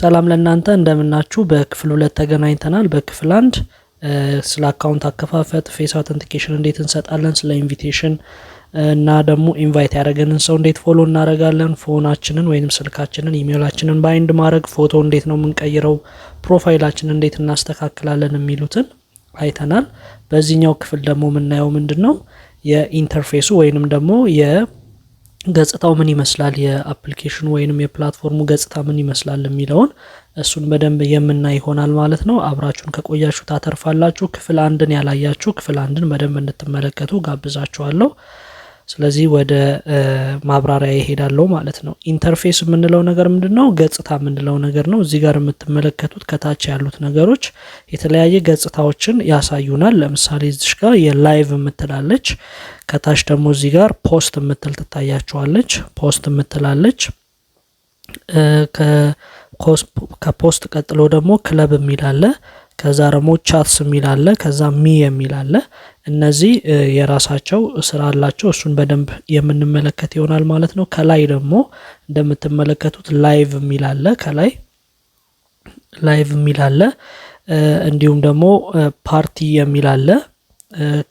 ሰላም ለእናንተ እንደምናችሁ። በክፍል ሁለት ተገናኝተናል። በክፍል አንድ ስለ አካውንት አከፋፈት፣ ፌስ አውተንቲኬሽን እንዴት እንሰጣለን፣ ስለ ኢንቪቴሽን እና ደግሞ ኢንቫይት ያደረገንን ሰው እንዴት ፎሎ እናደርጋለን፣ ፎናችንን ወይም ስልካችንን፣ ኢሜይላችንን ባይንድ ማድረግ፣ ፎቶ እንዴት ነው የምንቀይረው፣ ፕሮፋይላችንን እንዴት እናስተካክላለን የሚሉትን አይተናል። በዚህኛው ክፍል ደግሞ የምናየው ምንድን ነው የኢንተርፌሱ ወይንም ደግሞ ገጽታው ምን ይመስላል የአፕሊኬሽኑ ወይንም የፕላትፎርሙ ገጽታ ምን ይመስላል የሚለውን እሱን በደንብ የምናይ ይሆናል ማለት ነው። አብራችሁን ከቆያችሁ ታተርፋላችሁ። ክፍል አንድን ያላያችሁ ክፍል አንድን በደንብ እንድትመለከቱ ጋብዛችኋለሁ። ስለዚህ ወደ ማብራሪያ ይሄዳለው ማለት ነው። ኢንተርፌስ የምንለው ነገር ምንድን ነው? ገጽታ የምንለው ነገር ነው። እዚህ ጋር የምትመለከቱት ከታች ያሉት ነገሮች የተለያየ ገጽታዎችን ያሳዩናል። ለምሳሌ እዚሽ ጋር የላይቭ የምትላለች፣ ከታች ደግሞ እዚህ ጋር ፖስት የምትል ትታያችኋለች። ፖስት የምትላለች ከፖስት ቀጥሎ ደግሞ ክለብ የሚል አለ። ከዛ ደግሞ ቻትስ የሚል አለ። ከዛ ሚ የሚል አለ። እነዚህ የራሳቸው ስራ አላቸው። እሱን በደንብ የምንመለከት ይሆናል ማለት ነው። ከላይ ደግሞ እንደምትመለከቱት ላይቭ የሚል አለ። ከላይ ላይቭ የሚል አለ። እንዲሁም ደግሞ ፓርቲ የሚል አለ።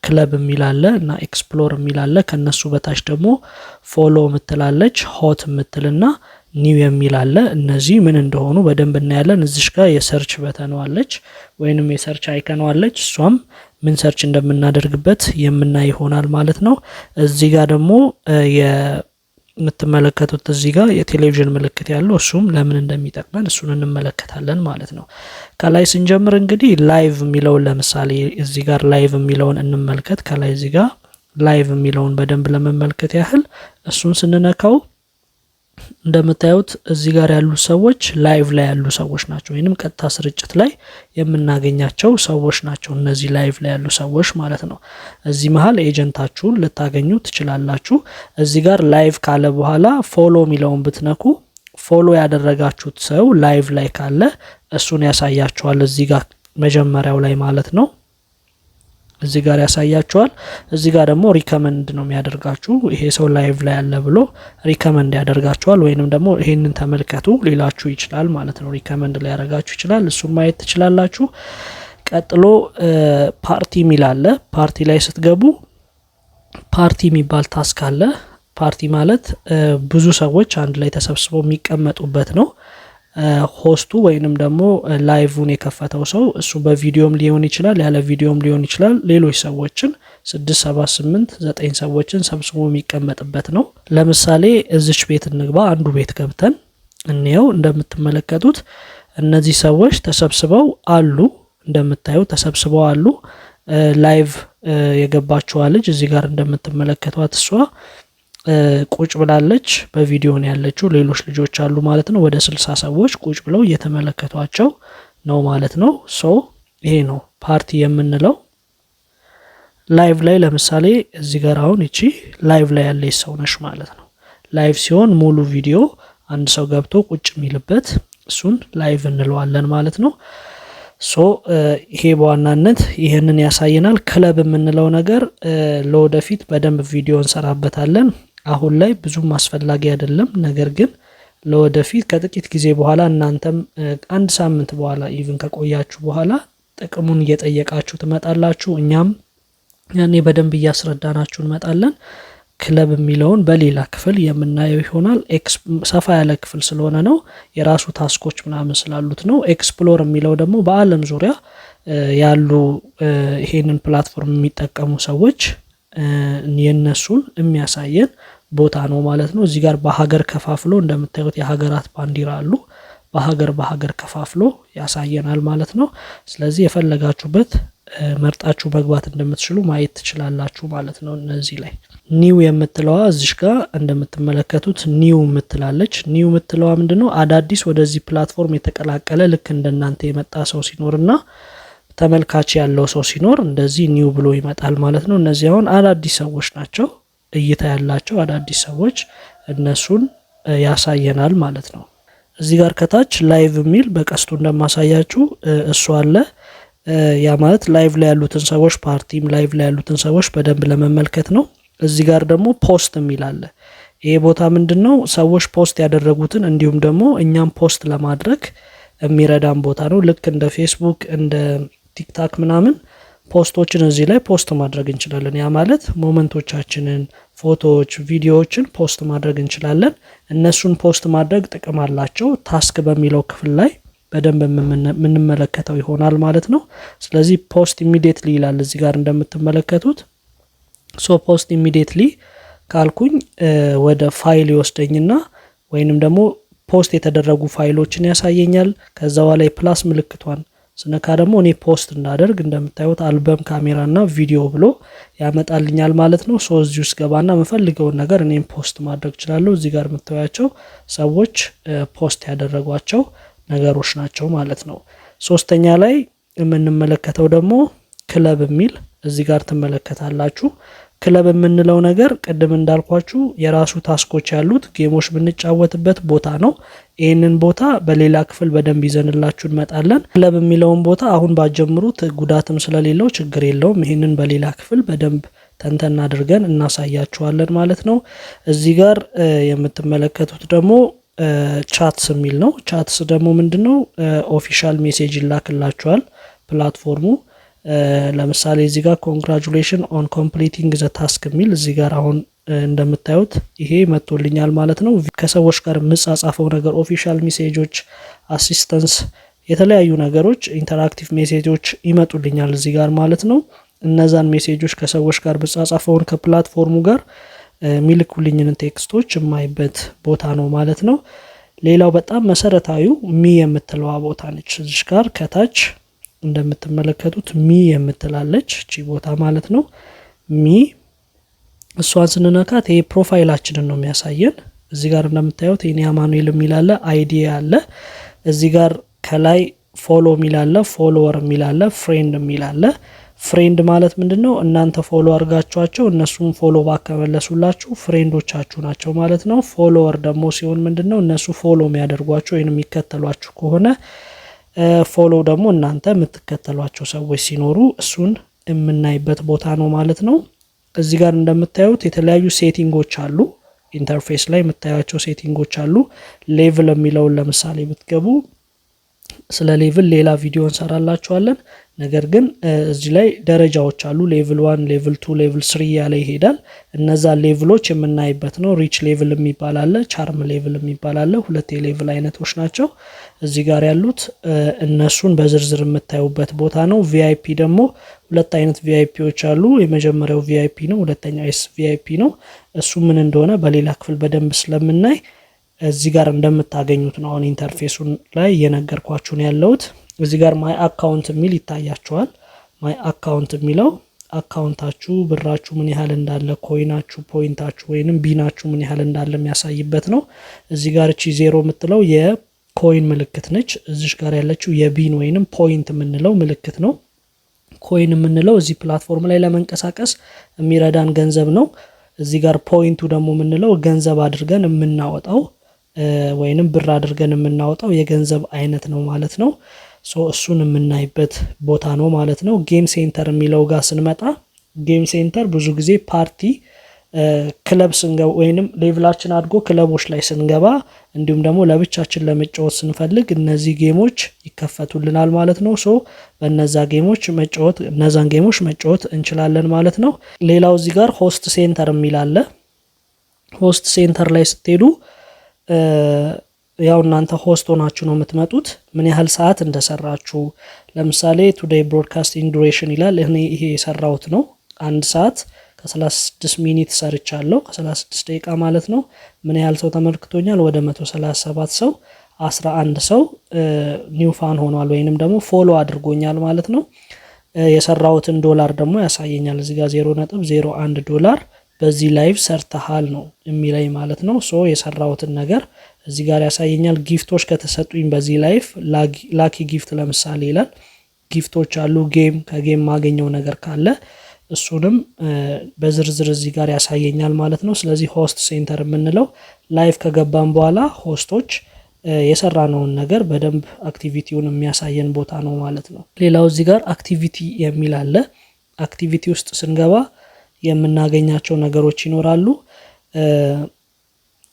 ክለብ የሚል አለ እና ኤክስፕሎር የሚል አለ። ከነሱ በታች ደግሞ ፎሎ የምትላለች ሆት እና ኒው የሚል አለ። እነዚህ ምን እንደሆኑ በደንብ እናያለን። እዚሽ ጋር የሰርች በተነዋለች ወይንም የሰርች አይከነዋለች። እሷም ምን ሰርች እንደምናደርግበት የምናይ ይሆናል ማለት ነው። እዚህ ጋር ደግሞ የምትመለከቱት እዚህ ጋር የቴሌቪዥን ምልክት ያለው እሱም ለምን እንደሚጠቅመን እሱን እንመለከታለን ማለት ነው። ከላይ ስንጀምር እንግዲህ ላይቭ የሚለውን ለምሳሌ እዚህ ጋር ላይቭ የሚለውን እንመልከት። ከላይ እዚህ ጋር ላይቭ የሚለውን በደንብ ለመመልከት ያህል እሱን ስንነካው እንደምታዩት እዚህ ጋር ያሉ ሰዎች ላይቭ ላይ ያሉ ሰዎች ናቸው፣ ወይንም ቀጥታ ስርጭት ላይ የምናገኛቸው ሰዎች ናቸው። እነዚህ ላይቭ ላይ ያሉ ሰዎች ማለት ነው። እዚህ መሀል ኤጀንታችሁን ልታገኙ ትችላላችሁ። እዚህ ጋር ላይቭ ካለ በኋላ ፎሎ የሚለውን ብትነኩ ፎሎ ያደረጋችሁት ሰው ላይቭ ላይ ካለ እሱን ያሳያችኋል። እዚህ ጋር መጀመሪያው ላይ ማለት ነው። እዚህ ጋር ያሳያችኋል። እዚህ ጋር ደግሞ ሪከመንድ ነው የሚያደርጋችሁ። ይሄ ሰው ላይቭ ላይ ያለ ብሎ ሪከመንድ ያደርጋችኋል። ወይንም ደግሞ ይህንን ተመልከቱ ሊላችሁ ይችላል ማለት ነው። ሪከመንድ ሊያደርጋችሁ ይችላል። እሱም ማየት ትችላላችሁ። ቀጥሎ ፓርቲ ሚል አለ። ፓርቲ ላይ ስትገቡ ፓርቲ የሚባል ታስክ አለ። ፓርቲ ማለት ብዙ ሰዎች አንድ ላይ ተሰብስበው የሚቀመጡበት ነው። ሆስቱ ወይንም ደግሞ ላይቭን የከፈተው ሰው እሱ በቪዲዮም ሊሆን ይችላል፣ ያለ ቪዲዮም ሊሆን ይችላል። ሌሎች ሰዎችን ስድስት ሰባት ስምንት ዘጠኝ ሰዎችን ሰብስቦ የሚቀመጥበት ነው። ለምሳሌ እዚች ቤት እንግባ። አንዱ ቤት ገብተን እንየው። እንደምትመለከቱት እነዚህ ሰዎች ተሰብስበው አሉ። እንደምታዩ ተሰብስበው አሉ። ላይቭ የገባችዋ ልጅ እዚህ ጋር እንደምትመለከቷት እሷ ቁጭ ብላለች። በቪዲዮ ያለችው። ሌሎች ልጆች አሉ ማለት ነው። ወደ ስልሳ ሰዎች ቁጭ ብለው እየተመለከቷቸው ነው ማለት ነው። ሶ ይሄ ነው ፓርቲ የምንለው። ላይቭ ላይ ለምሳሌ እዚህ ጋር አሁን እቺ ላይቭ ላይ ያለች ሰው ነች ማለት ነው። ላይቭ ሲሆን ሙሉ ቪዲዮ አንድ ሰው ገብቶ ቁጭ የሚልበት እሱን ላይቭ እንለዋለን ማለት ነው። ሶ ይሄ በዋናነት ይህንን ያሳየናል። ክለብ የምንለው ነገር ለወደፊት በደንብ ቪዲዮ እንሰራበታለን። አሁን ላይ ብዙም አስፈላጊ አይደለም። ነገር ግን ለወደፊት ከጥቂት ጊዜ በኋላ እናንተም አንድ ሳምንት በኋላ ኢቭን ከቆያችሁ በኋላ ጥቅሙን እየጠየቃችሁ ትመጣላችሁ። እኛም ያኔ በደንብ እያስረዳናችሁ እንመጣለን። ክለብ የሚለውን በሌላ ክፍል የምናየው ይሆናል። ሰፋ ያለ ክፍል ስለሆነ ነው። የራሱ ታስኮች ምናምን ስላሉት ነው። ኤክስፕሎር የሚለው ደግሞ በዓለም ዙሪያ ያሉ ይሄንን ፕላትፎርም የሚጠቀሙ ሰዎች የነሱን የሚያሳየን ቦታ ነው ማለት ነው። እዚህ ጋር በሀገር ከፋፍሎ እንደምታዩት የሀገራት ባንዲራ አሉ። በሀገር በሀገር ከፋፍሎ ያሳየናል ማለት ነው። ስለዚህ የፈለጋችሁበት መርጣችሁ መግባት እንደምትችሉ ማየት ትችላላችሁ ማለት ነው። እነዚህ ላይ ኒው የምትለዋ እዚሽ ጋር እንደምትመለከቱት ኒው የምትላለች። ኒው የምትለዋ ምንድነው አዳዲስ ወደዚህ ፕላትፎርም የተቀላቀለ ልክ እንደናንተ የመጣ ሰው ሲኖርና ተመልካች ያለው ሰው ሲኖር እንደዚህ ኒው ብሎ ይመጣል ማለት ነው። እነዚህ አሁን አዳዲስ ሰዎች ናቸው። እይታ ያላቸው አዳዲስ ሰዎች እነሱን ያሳየናል ማለት ነው። እዚህ ጋር ከታች ላይቭ የሚል በቀስቱ እንደማሳያችሁ እሱ አለ። ያ ማለት ላይቭ ላይ ያሉትን ሰዎች ፓርቲም ላይቭ ላይ ያሉትን ሰዎች በደንብ ለመመልከት ነው። እዚህ ጋር ደግሞ ፖስት የሚል አለ። ይሄ ቦታ ምንድን ነው? ሰዎች ፖስት ያደረጉትን እንዲሁም ደግሞ እኛም ፖስት ለማድረግ የሚረዳን ቦታ ነው። ልክ እንደ ፌስቡክ እንደ ቲክታክ ምናምን ፖስቶችን እዚህ ላይ ፖስት ማድረግ እንችላለን። ያ ማለት ሞመንቶቻችንን፣ ፎቶዎች፣ ቪዲዮዎችን ፖስት ማድረግ እንችላለን። እነሱን ፖስት ማድረግ ጥቅም አላቸው። ታስክ በሚለው ክፍል ላይ በደንብ የምንመለከተው ይሆናል ማለት ነው። ስለዚህ ፖስት ኢሚዲየትሊ ይላል እዚህ ጋር እንደምትመለከቱት። ሶ ፖስት ኢሚዲየትሊ ካልኩኝ ወደ ፋይል ይወስደኝና ወይንም ደግሞ ፖስት የተደረጉ ፋይሎችን ያሳየኛል። ከዛ በኋላ የፕላስ ምልክቷን ስነካ ደግሞ እኔ ፖስት እንዳደርግ እንደምታዩት አልበም ካሜራና ቪዲዮ ብሎ ያመጣልኛል ማለት ነው። ሶ እዚህ ውስጥ ገባና የምፈልገውን ነገር እኔም ፖስት ማድረግ እችላለሁ። እዚህ ጋር የምታያቸው ሰዎች ፖስት ያደረጓቸው ነገሮች ናቸው ማለት ነው። ሶስተኛ ላይ የምንመለከተው ደግሞ ክለብ የሚል እዚህ ጋር ትመለከታላችሁ። ክለብ የምንለው ነገር ቅድም እንዳልኳችሁ የራሱ ታስኮች ያሉት ጌሞች ብንጫወትበት ቦታ ነው። ይህንን ቦታ በሌላ ክፍል በደንብ ይዘንላችሁ እንመጣለን። ክለብ የሚለውን ቦታ አሁን ባጀምሩት ጉዳትም ስለሌለው ችግር የለውም። ይህንን በሌላ ክፍል በደንብ ተንተን አድርገን እናሳያችኋለን ማለት ነው። እዚህ ጋር የምትመለከቱት ደግሞ ቻትስ የሚል ነው። ቻትስ ደግሞ ምንድን ነው? ኦፊሻል ሜሴጅ ይላክላችኋል ፕላትፎርሙ ለምሳሌ እዚህ ጋር ኮንግራጁሌሽን ኦን ኮምፕሊቲንግ ዘ ታስክ የሚል እዚህ ጋር አሁን እንደምታዩት ይሄ መጥቶልኛል ማለት ነው። ከሰዎች ጋር የምጻጻፈው ነገር ኦፊሻል ሜሴጆች፣ አሲስተንስ፣ የተለያዩ ነገሮች ኢንተራክቲቭ ሜሴጆች ይመጡልኛል እዚህ ጋር ማለት ነው። እነዛን ሜሴጆች ከሰዎች ጋር ብጻጻፈውን ከፕላትፎርሙ ጋር የሚልኩልኝን ቴክስቶች የማይበት ቦታ ነው ማለት ነው። ሌላው በጣም መሰረታዊው ሚ የምትለዋ ቦታ ነች። እዚሽ ጋር ከታች እንደምትመለከቱት ሚ የምትላለች እቺ ቦታ ማለት ነው። ሚ እሷን ስንነካት ይሄ ፕሮፋይላችንን ነው የሚያሳየን። እዚህ ጋር እንደምታዩት ይኔ አማኑኤል የሚላለ አይዲ አለ። እዚህ ጋር ከላይ ፎሎ የሚላለ ፎሎወር የሚላለ ፍሬንድ የሚላለ ፍሬንድ ማለት ምንድን ነው? እናንተ ፎሎ አድርጋችኋቸው እነሱም ፎሎ ባክ ፍሬንዶቻችሁ ናቸው ማለት ነው። ፎሎወር ደግሞ ሲሆን ምንድን ነው? እነሱ ፎሎ የሚያደርጓችሁ ወይም የሚከተሏችሁ ከሆነ ፎሎ ደግሞ እናንተ የምትከተሏቸው ሰዎች ሲኖሩ እሱን የምናይበት ቦታ ነው ማለት ነው። እዚህ ጋር እንደምታዩት የተለያዩ ሴቲንጎች አሉ። ኢንተርፌስ ላይ የምታያቸው ሴቲንጎች አሉ። ሌቭል የሚለውን ለምሳሌ ብትገቡ ስለ ሌቭል ሌላ ቪዲዮ እንሰራላችኋለን። ነገር ግን እዚህ ላይ ደረጃዎች አሉ። ሌቭል ዋን፣ ሌቭል ቱ፣ ሌቭል ስሪ እያለ ይሄዳል። እነዛ ሌቭሎች የምናይበት ነው። ሪች ሌቭል የሚባል አለ፣ ቻርም ሌቭል የሚባል አለ። ሁለት የሌቭል አይነቶች ናቸው እዚህ ጋር ያሉት። እነሱን በዝርዝር የምታዩበት ቦታ ነው። ቪአይፒ ደግሞ ሁለት አይነት ቪአይፒዎች አሉ። የመጀመሪያው ቪአይፒ ነው፣ ሁለተኛው ኤስ ቪአይፒ ነው። እሱ ምን እንደሆነ በሌላ ክፍል በደንብ ስለምናይ እዚህ ጋር እንደምታገኙት ነው። አሁን ኢንተርፌሱን ላይ እየነገርኳችሁን ያለሁት እዚህ ጋር ማይ አካውንት የሚል ይታያችኋል። ማይ አካውንት የሚለው አካውንታችሁ ብራችሁ ምን ያህል እንዳለ ኮይናችሁ፣ ፖይንታችሁ ወይንም ቢናችሁ ምን ያህል እንዳለ የሚያሳይበት ነው። እዚህ ጋር እቺ ዜሮ የምትለው የኮይን ምልክት ነች። እዚሽ ጋር ያለችው የቢን ወይንም ፖይንት የምንለው ምልክት ነው። ኮይን የምንለው እዚህ ፕላትፎርም ላይ ለመንቀሳቀስ የሚረዳን ገንዘብ ነው። እዚህ ጋር ፖይንቱ ደግሞ የምንለው ገንዘብ አድርገን የምናወጣው ወይንም ብር አድርገን የምናወጣው የገንዘብ አይነት ነው ማለት ነው። ሶ እሱን የምናይበት ቦታ ነው ማለት ነው። ጌም ሴንተር የሚለው ጋር ስንመጣ ጌም ሴንተር ብዙ ጊዜ ፓርቲ ክለብ ስንገባ ወይንም ሌቭላችን አድጎ ክለቦች ላይ ስንገባ እንዲሁም ደግሞ ለብቻችን ለመጫወት ስንፈልግ እነዚህ ጌሞች ይከፈቱልናል ማለት ነው። ሶ በነዛ ጌሞች መጫወት እነዛን ጌሞች መጫወት እንችላለን ማለት ነው። ሌላው እዚህ ጋር ሆስት ሴንተር የሚል ሆስት ሴንተር ላይ ስትሄዱ ያው እናንተ ሆስት ሆናችሁ ነው የምትመጡት። ምን ያህል ሰዓት እንደሰራችሁ ለምሳሌ ቱዴይ ብሮድካስቲንግ ዱሬሽን ይላል። እኔ ይሄ የሰራሁት ነው አንድ ሰዓት ከ36 ሚኒት ሰርቻለሁ፣ ከ36 ደቂቃ ማለት ነው። ምን ያህል ሰው ተመልክቶኛል? ወደ 137 ሰው 11 ሰው ኒው ፋን ሆኗል ወይንም ደግሞ ፎሎ አድርጎኛል ማለት ነው። የሰራሁትን ዶላር ደግሞ ያሳየኛል እዚጋ ጋር 0.01 ዶላር በዚህ ላይቭ ሰርተሃል ነው የሚለኝ ማለት ነው። ሶ የሰራሁትን ነገር እዚህ ጋር ያሳየኛል። ጊፍቶች ከተሰጡኝ በዚህ ላይፍ ላኪ ጊፍት ለምሳሌ ይላል። ጊፍቶች አሉ። ጌም ከጌም ማገኘው ነገር ካለ እሱንም በዝርዝር እዚህ ጋር ያሳየኛል ማለት ነው። ስለዚህ ሆስት ሴንተር የምንለው ላይፍ ከገባን በኋላ ሆስቶች የሰራነውን ነገር በደንብ አክቲቪቲውን የሚያሳየን ቦታ ነው ማለት ነው። ሌላው እዚህ ጋር አክቲቪቲ የሚል አለ። አክቲቪቲ ውስጥ ስንገባ የምናገኛቸው ነገሮች ይኖራሉ።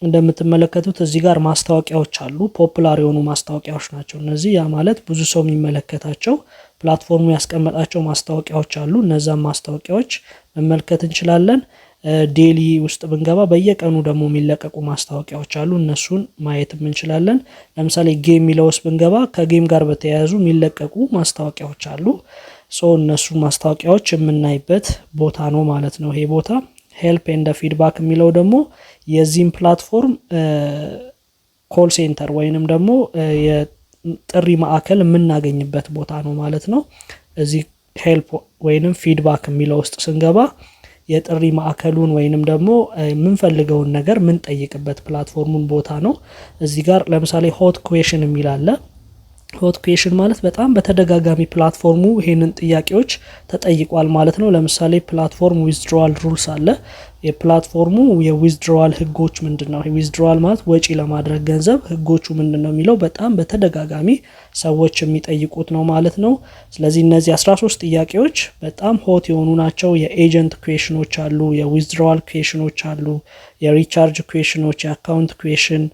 እንደምትመለከቱት እዚህ ጋር ማስታወቂያዎች አሉ። ፖፑላር የሆኑ ማስታወቂያዎች ናቸው እነዚህ። ያ ማለት ብዙ ሰው የሚመለከታቸው ፕላትፎርሙ ያስቀመጣቸው ማስታወቂያዎች አሉ። እነዛን ማስታወቂያዎች መመልከት እንችላለን። ዴሊ ውስጥ ብንገባ በየቀኑ ደግሞ የሚለቀቁ ማስታወቂያዎች አሉ። እነሱን ማየትም እንችላለን። ለምሳሌ ጌም የሚለው ውስጥ ብንገባ ከጌም ጋር በተያያዙ የሚለቀቁ ማስታወቂያዎች አሉ። ሶ እነሱ ማስታወቂያዎች የምናይበት ቦታ ነው ማለት ነው። ይሄ ቦታ ሄልፕ ኤንድ ፊድባክ የሚለው ደግሞ የዚህም ፕላትፎርም ኮል ሴንተር ወይንም ደግሞ የጥሪ ማዕከል የምናገኝበት ቦታ ነው ማለት ነው። እዚህ ሄልፕ ወይንም ፊድባክ የሚለው ውስጥ ስንገባ የጥሪ ማዕከሉን ወይንም ደግሞ የምንፈልገውን ነገር የምንጠይቅበት ፕላትፎርሙን ቦታ ነው። እዚህ ጋር ለምሳሌ ሆት ኩዌሽን የሚል አለ። ሆት ክሬሽን ማለት በጣም በተደጋጋሚ ፕላትፎርሙ ይሄንን ጥያቄዎች ተጠይቋል ማለት ነው። ለምሳሌ ፕላትፎርም ዊዝድሮዋል ሩልስ አለ። የፕላትፎርሙ የዊዝድሮዋል ህጎች ምንድን ነው? ዊዝድሮዋል ማለት ወጪ ለማድረግ ገንዘብ ህጎቹ ምንድን ነው የሚለው በጣም በተደጋጋሚ ሰዎች የሚጠይቁት ነው ማለት ነው። ስለዚህ እነዚህ 13 ጥያቄዎች በጣም ሆት የሆኑ ናቸው። የኤጀንት ክሬሽኖች አሉ፣ የዊዝድሮዋል ክሬሽኖች አሉ፣ የሪቻርጅ ክሬሽኖች፣ የአካውንት ክሬሽን፣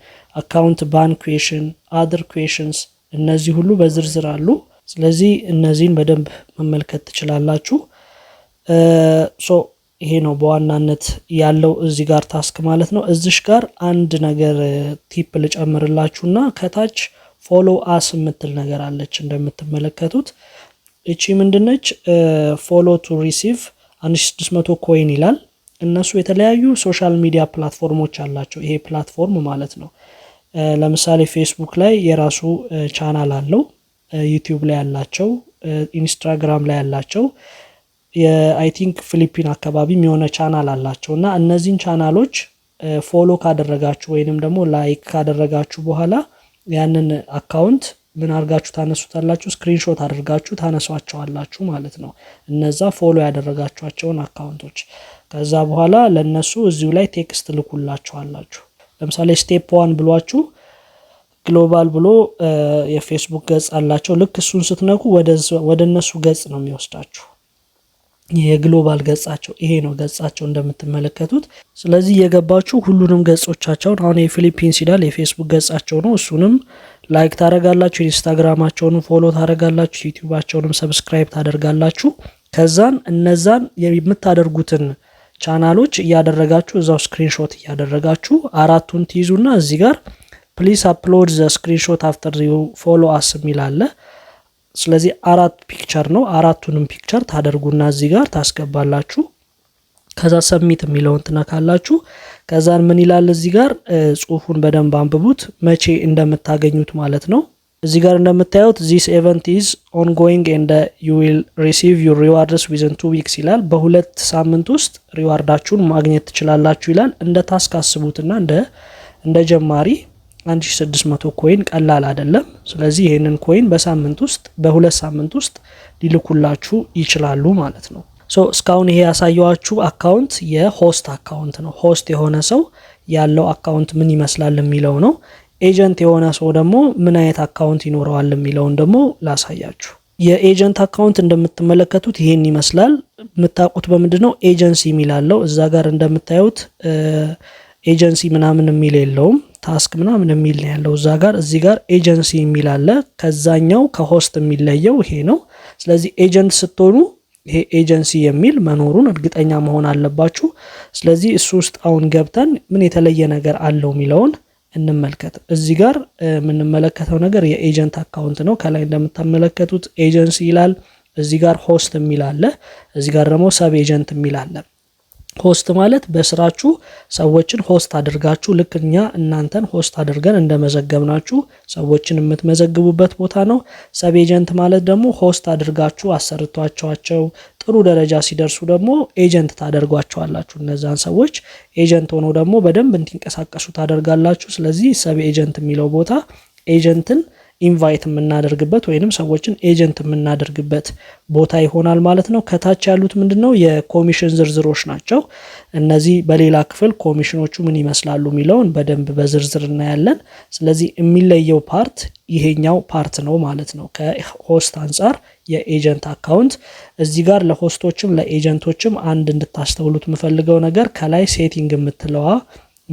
አካውንት ባን ክሬሽን፣ አድር ክሬሽንስ እነዚህ ሁሉ በዝርዝር አሉ። ስለዚህ እነዚህን በደንብ መመልከት ትችላላችሁ። ሶ ይሄ ነው በዋናነት ያለው እዚህ ጋር ታስክ ማለት ነው። እዚሽ ጋር አንድ ነገር ቲፕ ልጨምርላችሁ እና ከታች ፎሎ አስ የምትል ነገር አለች እንደምትመለከቱት እቺ ምንድነች? ፎሎ ቱ ሪሲቭ 1600 ኮይን ይላል። እነሱ የተለያዩ ሶሻል ሚዲያ ፕላትፎርሞች አላቸው። ይሄ ፕላትፎርም ማለት ነው። ለምሳሌ ፌስቡክ ላይ የራሱ ቻናል አለው፣ ዩቲዩብ ላይ ያላቸው፣ ኢንስታግራም ላይ ያላቸው የአይ ቲንክ ፊሊፒን አካባቢም የሆነ ቻናል አላቸው እና እነዚህን ቻናሎች ፎሎ ካደረጋችሁ ወይንም ደግሞ ላይክ ካደረጋችሁ በኋላ ያንን አካውንት ምን አድርጋችሁ ታነሱታላችሁ? ስክሪንሾት አድርጋችሁ ታነሷቸዋላችሁ ማለት ነው። እነዛ ፎሎ ያደረጋችኋቸውን አካውንቶች ከዛ በኋላ ለእነሱ እዚሁ ላይ ቴክስት ልኩላችኋላችሁ። ለምሳሌ ስቴፕ ዋን ብሏችሁ ግሎባል ብሎ የፌስቡክ ገጽ አላቸው። ልክ እሱን ስትነኩ ወደ እነሱ ገጽ ነው የሚወስዳችሁ። የግሎባል ገጻቸው ይሄ ነው ገጻቸው እንደምትመለከቱት። ስለዚህ የገባችሁ ሁሉንም ገጾቻቸውን አሁን የፊሊፒንስ ሲዳል የፌስቡክ ገጻቸው ነው። እሱንም ላይክ ታደርጋላችሁ፣ ኢንስታግራማቸውንም ፎሎ ታደርጋላችሁ፣ ዩቲዩባቸውንም ሰብስክራይብ ታደርጋላችሁ። ከዛን እነዛን የምታደርጉትን ቻናሎች እያደረጋችሁ እዛው ስክሪንሾት እያደረጋችሁ አራቱን ትይዙና እዚህ ጋር ፕሊስ አፕሎድ ዘ ስክሪንሾት አፍተር ዩ ፎሎ አስ የሚል አለ። ስለዚህ አራት ፒክቸር ነው። አራቱንም ፒክቸር ታደርጉና እዚህ ጋር ታስገባላችሁ። ከዛ ሰሚት የሚለውን ትነካላችሁ። ከዛን ምን ይላል እዚህ ጋር ጽሁፉን በደንብ አንብቡት፣ መቼ እንደምታገኙት ማለት ነው። እዚህ ጋር እንደምታዩት ዚስ ኤቨንት ኢዝ ኦንጎይንግ ኤንድ ዩ ዊል ሪሲቭ ዩር ሪዋርድስ ዊዝን ቱ ዊክስ ይላል። በሁለት ሳምንት ውስጥ ሪዋርዳችሁን ማግኘት ትችላላችሁ ይላል። እንደ ታስክ አስቡትና እንደ ጀማሪ 1600 ኮይን ቀላል አይደለም። ስለዚህ ይህንን ኮይን በሳምንት ውስጥ በሁለት ሳምንት ውስጥ ሊልኩላችሁ ይችላሉ ማለት ነው። ሶ እስካሁን ይሄ ያሳየዋችሁ አካውንት የሆስት አካውንት ነው። ሆስት የሆነ ሰው ያለው አካውንት ምን ይመስላል የሚለው ነው። ኤጀንት የሆነ ሰው ደግሞ ምን አይነት አካውንት ይኖረዋል የሚለውን ደግሞ ላሳያችሁ። የኤጀንት አካውንት እንደምትመለከቱት ይህን ይመስላል። የምታውቁት በምንድን ነው ኤጀንሲ የሚላለው እዛ ጋር እንደምታዩት ኤጀንሲ ምናምን የሚል የለውም። ታስክ ምናምን የሚል ነው ያለው እዛ ጋር። እዚህ ጋር ኤጀንሲ የሚል አለ። ከዛኛው ከሆስት የሚለየው ይሄ ነው። ስለዚህ ኤጀንት ስትሆኑ ይሄ ኤጀንሲ የሚል መኖሩን እርግጠኛ መሆን አለባችሁ። ስለዚህ እሱ ውስጥ አሁን ገብተን ምን የተለየ ነገር አለው የሚለውን እንመልከት። እዚህ ጋር የምንመለከተው ነገር የኤጀንት አካውንት ነው። ከላይ እንደምታመለከቱት ኤጀንሲ ይላል። እዚህ ጋር ሆስት የሚል አለ። እዚህ ጋር ደግሞ ሰብ ኤጀንት የሚል አለ። ሆስት ማለት በስራችሁ ሰዎችን ሆስት አድርጋችሁ ልክ እኛ እናንተን ሆስት አድርገን እንደመዘገብናችሁ ሰዎችን የምትመዘግቡበት ቦታ ነው። ሰብ ኤጀንት ማለት ደግሞ ሆስት አድርጋችሁ አሰርቷቸዋቸው ጥሩ ደረጃ ሲደርሱ ደግሞ ኤጀንት ታደርጓቸዋላችሁ። እነዛን ሰዎች ኤጀንት ሆነው ደግሞ በደንብ እንዲንቀሳቀሱ ታደርጋላችሁ። ስለዚህ ሰብ ኤጀንት የሚለው ቦታ ኤጀንትን ኢንቫይት የምናደርግበት ወይንም ሰዎችን ኤጀንት የምናደርግበት ቦታ ይሆናል ማለት ነው። ከታች ያሉት ምንድን ነው የኮሚሽን ዝርዝሮች ናቸው። እነዚህ በሌላ ክፍል ኮሚሽኖቹ ምን ይመስላሉ የሚለውን በደንብ በዝርዝር እናያለን። ስለዚህ የሚለየው ፓርት ይሄኛው ፓርት ነው ማለት ነው። ከሆስት አንጻር የኤጀንት አካውንት እዚህ ጋር ለሆስቶችም ለኤጀንቶችም አንድ እንድታስተውሉት የምፈልገው ነገር ከላይ ሴቲንግ የምትለዋ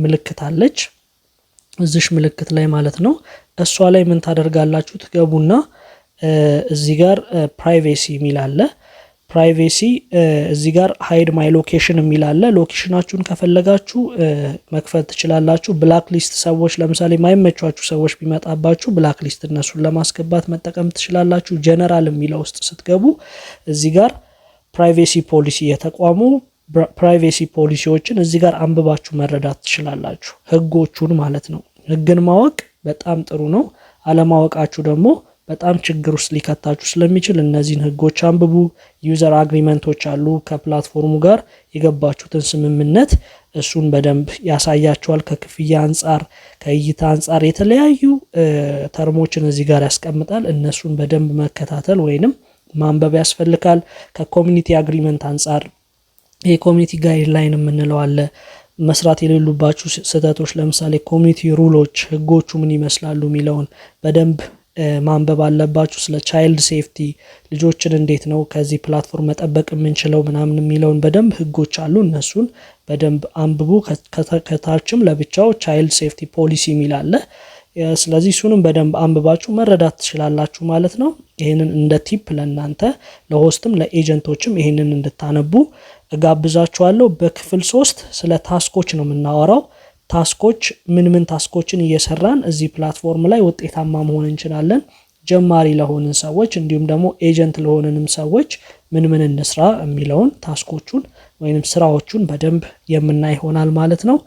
ምልክት አለች። እዚሽ ምልክት ላይ ማለት ነው። እሷ ላይ ምን ታደርጋላችሁ? ትገቡና እዚህ ጋር ፕራይቬሲ የሚል አለ። ፕራይቬሲ እዚህ ጋር ሃይድ ማይ ሎኬሽን የሚል አለ። ሎኬሽናችሁን ከፈለጋችሁ መክፈት ትችላላችሁ። ብላክ ሊስት ሰዎች ለምሳሌ ማይመቿችሁ ሰዎች ቢመጣባችሁ ብላክ ሊስት እነሱን ለማስገባት መጠቀም ትችላላችሁ። ጀነራል የሚለው ውስጥ ስትገቡ እዚህ ጋር ፕራይቬሲ ፖሊሲ የተቋሙ ፕራይቬሲ ፖሊሲዎችን እዚህ ጋር አንብባችሁ መረዳት ትችላላችሁ፣ ህጎቹን ማለት ነው። ህግን ማወቅ በጣም ጥሩ ነው። አለማወቃችሁ ደግሞ በጣም ችግር ውስጥ ሊከታችሁ ስለሚችል እነዚህን ህጎች አንብቡ። ዩዘር አግሪመንቶች አሉ ከፕላትፎርሙ ጋር የገባችሁትን ስምምነት እሱን በደንብ ያሳያቸዋል። ከክፍያ አንጻር፣ ከእይታ አንጻር የተለያዩ ተርሞችን እዚህ ጋር ያስቀምጣል። እነሱን በደንብ መከታተል ወይንም ማንበብ ያስፈልጋል። ከኮሚኒቲ አግሪመንት አንጻር የኮሚኒቲ ጋይድላይን የምንለው አለ መስራት የሌሉባችሁ ስህተቶች ለምሳሌ ኮሚኒቲ ሩሎች ህጎቹ ምን ይመስላሉ የሚለውን በደንብ ማንበብ አለባችሁ። ስለ ቻይልድ ሴፍቲ ልጆችን እንዴት ነው ከዚህ ፕላትፎርም መጠበቅ የምንችለው ምናምን የሚለውን በደንብ ህጎች አሉ። እነሱን በደንብ አንብቡ። ከታችም ለብቻው ቻይልድ ሴፍቲ ፖሊሲ የሚል አለ። ስለዚህ እሱንም በደንብ አንብባችሁ መረዳት ትችላላችሁ ማለት ነው። ይህንን እንደ ቲፕ ለእናንተ ለሆስትም ለኤጀንቶችም ይህንን እንድታነቡ እጋብዛችኋለሁ። በክፍል ሶስት ስለ ታስኮች ነው የምናወራው። ታስኮች ምን ምን ታስኮችን እየሰራን እዚህ ፕላትፎርም ላይ ውጤታማ መሆን እንችላለን፣ ጀማሪ ለሆንን ሰዎች እንዲሁም ደግሞ ኤጀንት ለሆንንም ሰዎች ምን ምን እንስራ የሚለውን ታስኮቹን ወይንም ስራዎቹን በደንብ የምናይ ይሆናል ማለት ነው።